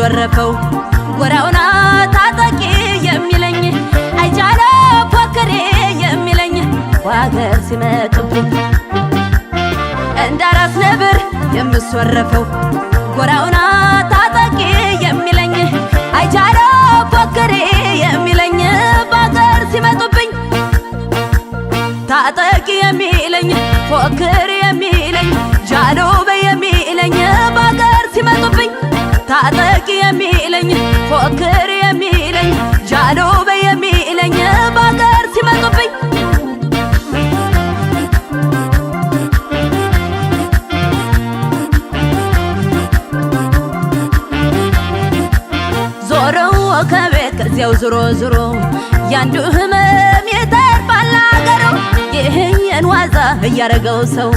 ያስወረብከው ጎራውና ታጠቂ የሚለኝ አይቻለ ፎክሬ የሚለኝ ዋገር ሲመጡብኝ እንደ አራስ ነብር የምስወረፈው ጎራውና ታጠቂ የሚለኝ አይቻለ ፎክሬ የሚለኝ ዋገር ሲመጡብኝ ታጠቂ የሚለኝ ፎክሬ ሳቅ የሚለኝ ፎክር የሚለኝ ጃዶ የሚለኝ ባገር ሲመጡብኝ ዞረው ከቤት ከዚያው ዝሮ ዝሮ ያንዱ ህመም የተርፋል አገረው ይህን ዋዛ እያረገው ሰው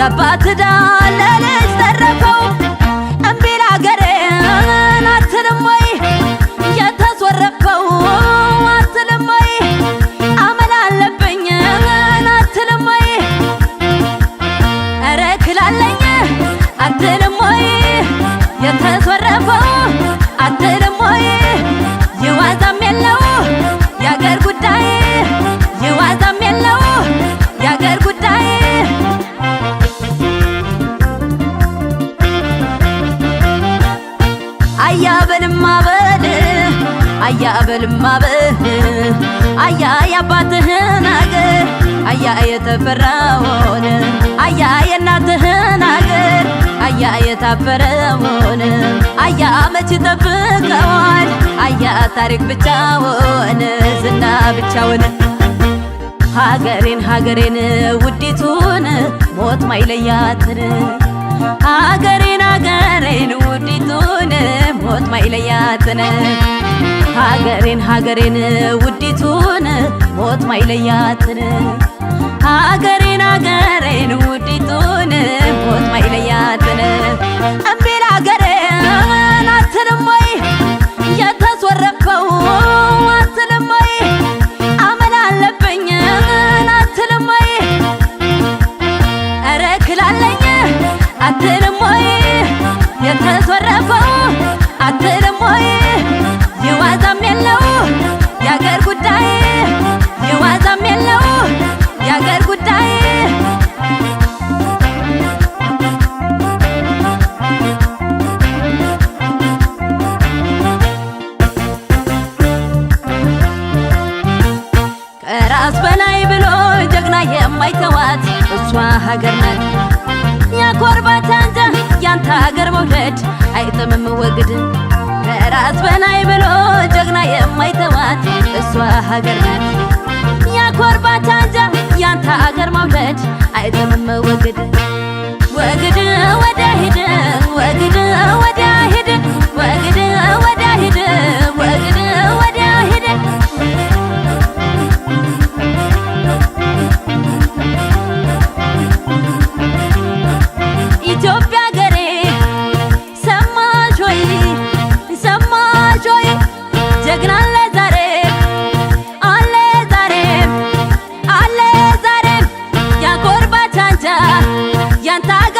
የአባት ዳለልጅ ተረፈው እምቢል አገሬ አትልም ወይ የተኮረፈው አትልም ወይ የዋዛም የለው የአገር ጉዳይ የዋዛም የለው የአገር ጉዳይ አያበልም አበል አያበልም አበል አያ የአባትህን አገር አያ የተፈራውን አያ የእናትህን አያ የታፈረውን አያ መች ጠብቀዋል አያ ታሪክ ብቻውን ዝና ብቻውን ሀገሬን ሀገሬን ውዲቱን ሞት ማይለያትን ሀገሬን ሀገሬን ውዲቱን ሞት ማይለያትን ሀገሬን ሀገሬን ውዲቱን ሞት ማይለያትን ሀገሬን ሀገሬን ውዲቱን እምቢል አገሬን አትልም ወይ የተዞረከው አትልም ወይ አመል አለብኝ አትልም ወይ ኧረ አትልም ያልኳት እሷ ሀገር ናት ያኮርባት አንተ ያንተ ሀገር መውለድ አይጥምም ወግድ ከራስ በላይ ብሎ ጀግና የማይተዋት እሷ ሀገር ናት ያኮርባት አንተ ያንተ ሀገር መውለድ አይጥምም ወግድ ያንታ